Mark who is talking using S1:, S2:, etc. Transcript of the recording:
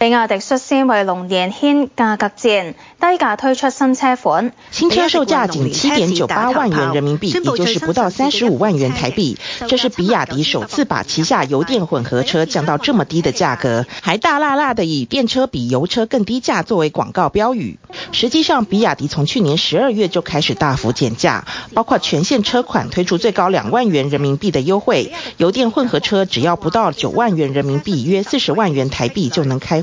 S1: 比亞迪率先為龍年掀價格戰，低價推出新車款，
S2: 新車售價僅七點九八萬元人民幣，也就是不到三十五萬元台幣。這是比亞迪首次把旗下油電混合車降到這麼低的價格，還大辣辣的以“電車比油車更低價”作為廣告標語。實際上，比亞迪從去年十二月就開始大幅減價，包括全線車款推出最高兩萬元人民幣的優惠，油電混合車只要不到九萬元人民幣，約四十萬元台幣就能開。